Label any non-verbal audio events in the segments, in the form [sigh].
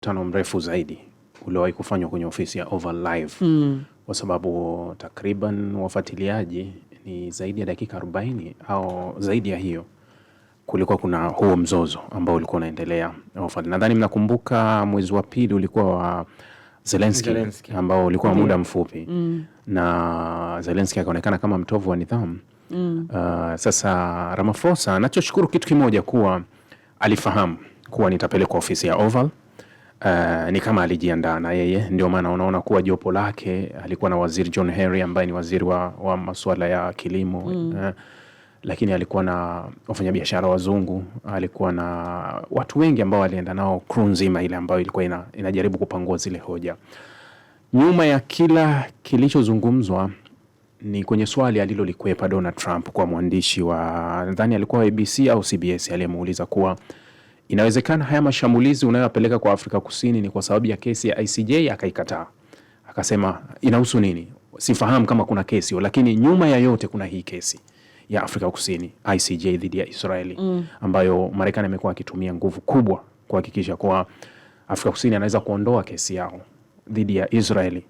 Mkutano mrefu zaidi uliowahi kufanywa kwenye ofisi ya Oval Live mm. Kwa sababu takriban wafuatiliaji ni zaidi ya dakika 40 au zaidi ya hiyo, kulikuwa kuna huo mzozo ambao ulikuwa unaendelea Oval. Nadhani mnakumbuka mwezi wa pili ulikuwa wa Zelensky, Zelensky, ambao ulikuwa muda mfupi mm. na Zelensky akaonekana kama mtovu wa nidhamu mm. Uh, sasa Ramaphosa anachoshukuru kitu kimoja kuwa alifahamu kuwa nitapelekwa ofisi ya Oval Uh, ni kama alijiandaa na yeye, ndio maana unaona kuwa jopo lake alikuwa na waziri John Henry ambaye ni waziri wa, wa masuala ya kilimo mm. uh, lakini alikuwa na wafanyabiashara wazungu, alikuwa na watu wengi ambao alienda nao kru nzima ile ambayo ilikuwa ina, inajaribu kupangua zile hoja. Nyuma ya kila kilichozungumzwa ni kwenye swali alilolikwepa Donald Trump kwa mwandishi wa nadhani alikuwa ABC au CBS aliyemuuliza kuwa Inawezekana haya mashambulizi unayoyapeleka kwa Afrika Kusini ni kwa sababu ya kesi ya ICJ. Akaikataa akasema inahusu nini, sifahamu kama kuna kesi, lakini nyuma ya yote kuna hii kesi ya Afrika Kusini ICJ dhidi ya Israeli mm. ambayo Marekani amekuwa akitumia nguvu kubwa kuhakikisha kuwa Afrika Kusini anaweza kuondoa kesi yao dhidi ya Israeli,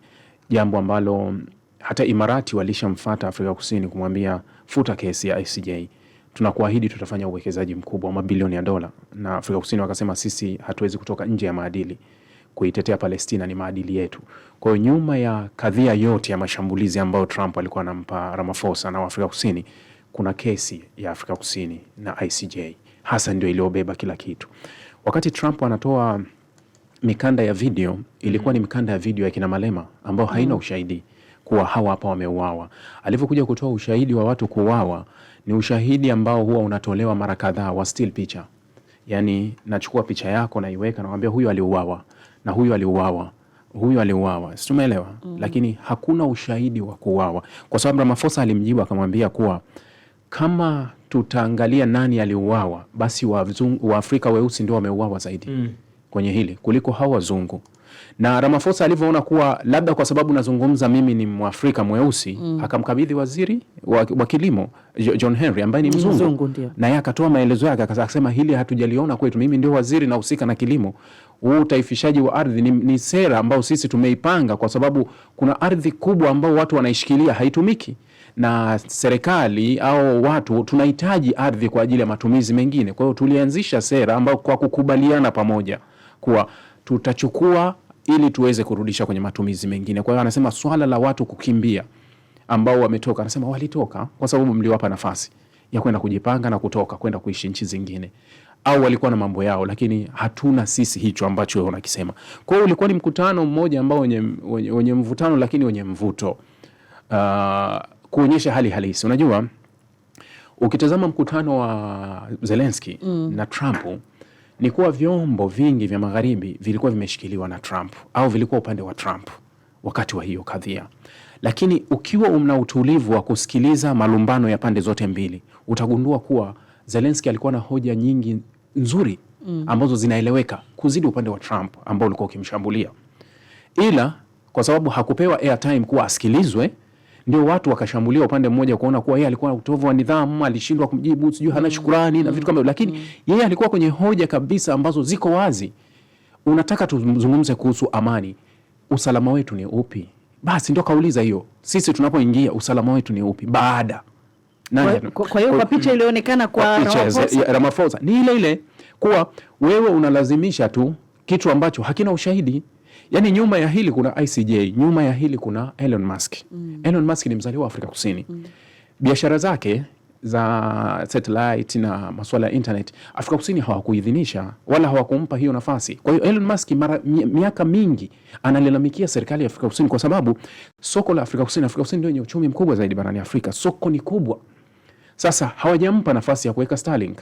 jambo ambalo hata Imarati walishamfata Afrika Kusini kumwambia futa kesi ya ICJ tunakuahidi tutafanya uwekezaji mkubwa wa mabilioni ya dola, na Afrika Kusini wakasema sisi hatuwezi kutoka nje ya maadili kuitetea Palestina ni maadili yetu. Kwa hiyo nyuma ya kadhia yote ya mashambulizi ambayo Trump alikuwa anampa Ramaphosa na Afrika Kusini, kuna kesi ya Afrika Kusini na ICJ hasa ndio iliyobeba kila kitu. Wakati Trump anatoa mikanda ya video, ilikuwa mm-hmm. ni mikanda ya video ya kina Malema ambayo haina mm-hmm. ushahidi kuwa hawa hapa wameuawa. Alivyokuja kutoa ushahidi wa watu kuuawa, ni ushahidi ambao huwa unatolewa mara kadhaa wa still picha, yani nachukua picha yako naiweka, nakwambia huyu aliuawa na huyu aliuawa huyu aliuawa, si tumeelewa? mm -hmm. Lakini hakuna ushahidi wa kuuawa, kwa sababu Ramaphosa alimjibu akamwambia kuwa kama tutaangalia nani aliuawa, basi Waafrika weusi ndio wameuawa zaidi mm. -hmm. kwenye hili kuliko hao wazungu na Ramaphosa alivyoona kuwa labda kwa sababu nazungumza mimi ni Mwafrika mweusi mm. akamkabidhi waziri wa, wa kilimo John Henry ambaye ni mzungu, mzungu na yeye akatoa maelezo yake akasema, hili hatujaliona kwetu, mimi ndio waziri nahusika na kilimo. Huu utaifishaji wa ardhi ni, ni sera ambayo sisi tumeipanga kwa sababu kuna ardhi kubwa ambayo watu wanaishikilia haitumiki na serikali au watu tunahitaji ardhi kwa ajili ya matumizi mengine. Kwa hiyo tulianzisha sera ambayo kwa kukubaliana pamoja kuwa tutachukua ili tuweze kurudisha kwenye matumizi mengine. Kwa hiyo anasema swala la watu kukimbia ambao wametoka, anasema walitoka kwa sababu mliwapa nafasi ya kwenda kujipanga na kutoka kwenda kuishi nchi zingine, au walikuwa na mambo yao, lakini hatuna sisi hicho ambacho wewe unakisema. Kwa hiyo ulikuwa ni mkutano mmoja ambao wenye, wenye, wenye mvutano lakini wenye mvuto uh, kuonyesha hali halisi. Unajua, ukitazama mkutano wa Zelensky mm. na Trump ni kuwa vyombo vingi vya magharibi vilikuwa vimeshikiliwa na Trump au vilikuwa upande wa Trump wakati wa hiyo kadhia, lakini ukiwa una utulivu wa kusikiliza malumbano ya pande zote mbili utagundua kuwa Zelensky alikuwa na hoja nyingi nzuri mm. ambazo zinaeleweka kuzidi upande wa Trump ambao ulikuwa ukimshambulia, ila kwa sababu hakupewa airtime kuwa asikilizwe ndio watu wakashambulia upande mmoja, kuona kuwa yeye alikuwa na utovu wa nidhamu, alishindwa kumjibu, sijui hana mm. shukurani na vitu kama hivyo, lakini mm. yeye alikuwa kwenye hoja kabisa ambazo ziko wazi. Unataka tuzungumze kuhusu amani, usalama wetu ni upi? Basi ndio kauliza hiyo, sisi tunapoingia usalama wetu ni upi baada Nani? Kwa hiyo kwa mm. picha ilionekana kwa Ramaphosa ni ile ile kuwa wewe unalazimisha tu kitu ambacho hakina ushahidi yani nyuma ya hili kuna ICJ, nyuma ya hili kuna Elon Musk. Mm. Elon Musk ni mzaliwa wa Afrika Kusini. Mm. Biashara zake za satellite na masuala ya internet Afrika Kusini hawakuidhinisha wala hawakumpa hiyo nafasi. Kwa hiyo Elon Musk mara miaka mingi analalamikia serikali ya Afrika Kusini kwa sababu soko la Afrika Kusini, Afrika Kusini ndio yenye uchumi mkubwa zaidi barani Afrika, soko ni kubwa. Sasa hawajampa nafasi ya kuweka Starlink,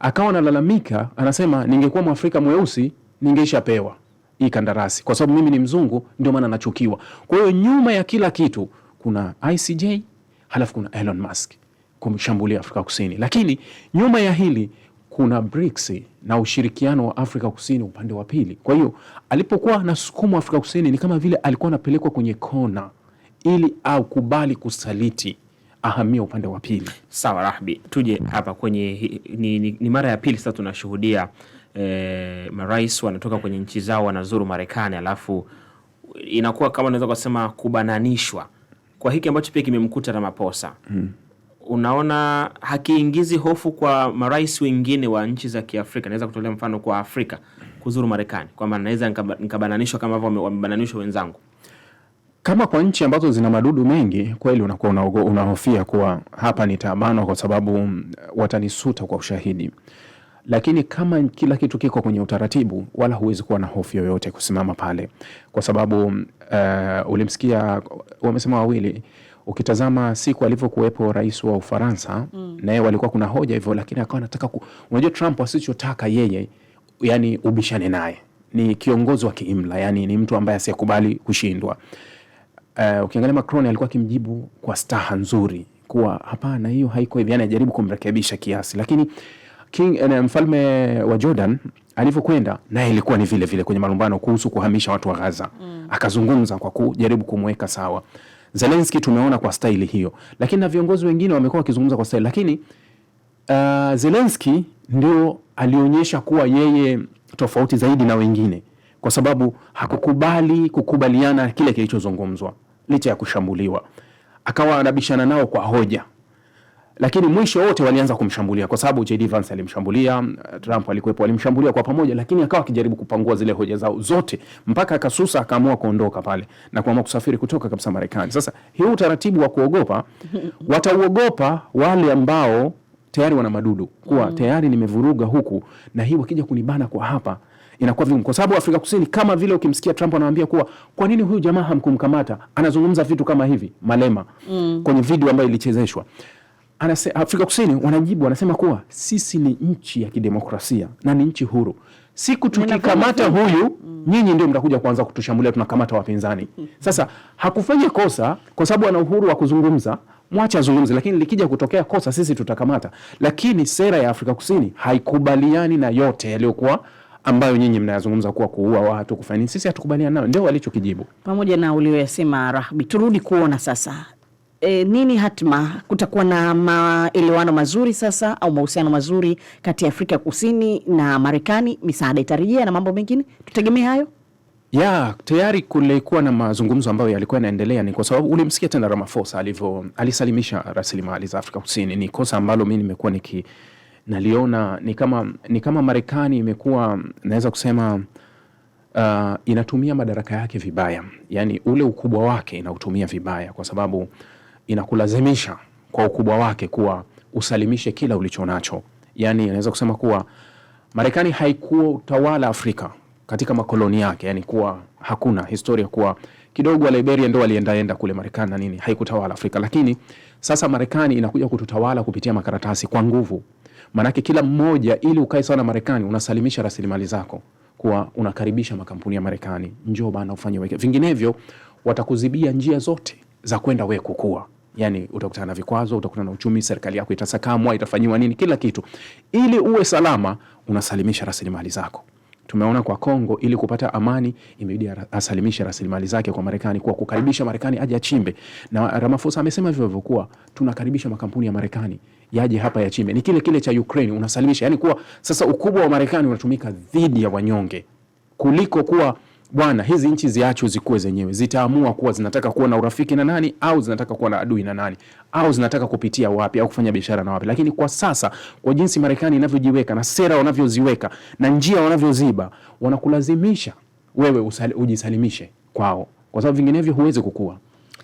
akawa analalamika, anasema ningekuwa mwafrika mweusi ningeishapewa hii kandarasi, kwa sababu mimi ni mzungu, ndio maana nachukiwa. Kwa hiyo nyuma ya kila kitu kuna ICJ halafu kuna Elon Musk kumshambulia Afrika Kusini, lakini nyuma ya hili kuna BRICS na ushirikiano wa Afrika Kusini upande wa pili. Kwa hiyo alipokuwa anasukumwa Afrika Kusini ni kama vile alikuwa anapelekwa kwenye kona ili akubali kusaliti ahamia upande wa pili. Sawa Rahbi, tuje hapa kwenye ni, ni, ni mara ya pili sasa tunashuhudia e, marais wanatoka kwenye nchi zao wanazuru Marekani, alafu inakuwa kama unaweza kusema kubananishwa kwa hiki ambacho pia kimemkuta Ramaphosa Hmm. Unaona, hakiingizi hofu kwa marais wengine wa nchi za Kiafrika. Naweza kutolea mfano kwa Afrika kuzuru Marekani kwamba naweza nikabananishwa kama ambavyo wamebananishwa wenzangu. Kama kwa nchi ambazo zina madudu mengi, kweli unakuwa unahofia kuwa hapa nitabanwa kwa sababu mm, watanisuta kwa ushahidi lakini kama kila kitu kiko kwenye utaratibu, wala huwezi kuwa na hofu yoyote kusimama pale, kwa sababu uh, ulimsikia wamesema wawili ukitazama siku alivyokuwepo rais wa Ufaransa mm. naye walikuwa kuna hoja hivyo, lakini akawa anataka ku... unajua Trump asichotaka yeye yani ubishane naye, ni kiongozi wa kiimla, yani ni mtu ambaye asiyekubali kushindwa. Uh, ukiangalia Macron alikuwa akimjibu kwa staha nzuri kuwa hapana, hiyo haiko hivi, yani ajaribu kumrekebisha kiasi, lakini King na eh, mfalme wa Jordan alivyokwenda naye ilikuwa ni vile vile kwenye malumbano kuhusu kuhamisha watu wa Gaza mm. Akazungumza kwa kujaribu kumweka sawa Zelensky, tumeona kwa staili hiyo, lakini na viongozi wengine wamekuwa wakizungumza kwa staili, lakini uh, Zelensky ndio alionyesha kuwa yeye tofauti zaidi na wengine, kwa sababu hakukubali kukubaliana kile kilichozungumzwa licha ya kushambuliwa, akawa anabishana nao kwa hoja lakini mwisho wote walianza kumshambulia kwa sababu JD Vance alimshambulia, eh, Trump alikuwepo, alimshambulia kwa pamoja, lakini akawa akijaribu kupangua zile hoja zao zote mpaka akasusa, akaamua kuondoka pale na kuamua kusafiri kutoka kabisa Marekani. Sasa hii utaratibu wa kuogopa [laughs] watauogopa wale ambao tayari wana madudu kuwa mm. tayari nimevuruga huku, na hii wakija kunibana kwa hapa inakuwa vigumu, kwa sababu Afrika Kusini kama vile ukimsikia Trump anawaambia kuwa kwa nini huyu jamaa hamkumkamata, anazungumza vitu kama hivi Malema mm. kwenye video ambayo ilichezeshwa anase, Afrika Kusini wanajibu wanasema kuwa sisi ni nchi ya kidemokrasia na ni nchi huru, siku tukikamata huyu mm. nyinyi ndio mtakuja kuanza kutushambulia, tunakamata wapinzani mm -hmm. Sasa hakufanya kosa kwa sababu ana uhuru wa kuzungumza, mwacha azungumze, lakini likija kutokea kosa sisi tutakamata. Lakini sera ya Afrika Kusini haikubaliani na yote yaliyokuwa ambayo nyinyi mnayazungumza kuwa kuua watu kufanya nini, sisi hatukubaliani nayo, ndio walichokijibu pamoja na ulioyasema Rahbi. Turudi kuona sasa E, nini hatma? Kutakuwa na maelewano mazuri sasa au mahusiano mazuri kati ya Afrika Kusini na Marekani, misaada itarejea na mambo mengine, tutegemee hayo ya tayari kulikuwa na mazungumzo ambayo yalikuwa yanaendelea. Ni kwa sababu ulimsikia tena Ramaphosa alivyo alisalimisha rasilimali za Afrika Kusini. Ni kosa ambalo mi nimekuwa niki naliona ni kama, ni kama Marekani imekuwa naweza kusema uh, inatumia madaraka yake vibaya, yani ule ukubwa wake inautumia vibaya kwa sababu inakulazimisha kwa ukubwa wake kuwa usalimishe kila ulicho nacho. Yani anaweza kusema kuwa Marekani haikuwa utawala Afrika katika makoloni yake, yani kuwa hakuna historia kuwa kidogo wa Liberia ndo aliendaenda kule Marekani na nini, haikutawala Afrika. Lakini sasa Marekani inakuja kututawala kupitia makaratasi kwa nguvu, maanake kila mmoja, ili ukae sawa na Marekani, unasalimisha rasilimali zako, kuwa unakaribisha makampuni ya Marekani, njoo bana ufanye weke, vinginevyo watakuzibia njia zote za kwenda wewe kukua. Yani utakutana na vikwazo, utakutana na uchumi, serikali yako itasakamwa, itafanyiwa nini, kila kitu. Ili uwe salama, unasalimisha rasilimali zako. Tumeona kwa Kongo, ili kupata amani imebidi asalimishe rasilimali zake kwa Marekani, kwa kukaribisha Marekani aje achimbe. Na Ramaphosa amesema hivyo hivyo, kuwa tunakaribisha makampuni ya Marekani yaje hapa yachimbe. Ni kile kile cha Ukraine, unasalimisha yani kuwa sasa ukubwa wa Marekani unatumika dhidi ya wanyonge kuliko kuwa bwana, hizi nchi ziachwe zikuwe zenyewe, zitaamua kuwa zinataka kuwa na urafiki na nani au zinataka kuwa na adui na nani au zinataka kupitia wapi au kufanya biashara na wapi. Lakini kwa sasa, kwa jinsi Marekani inavyojiweka na sera wanavyoziweka na njia wanavyoziba, wanakulazimisha wewe usali, ujisalimishe kwao, kwa sababu vinginevyo huwezi kukua.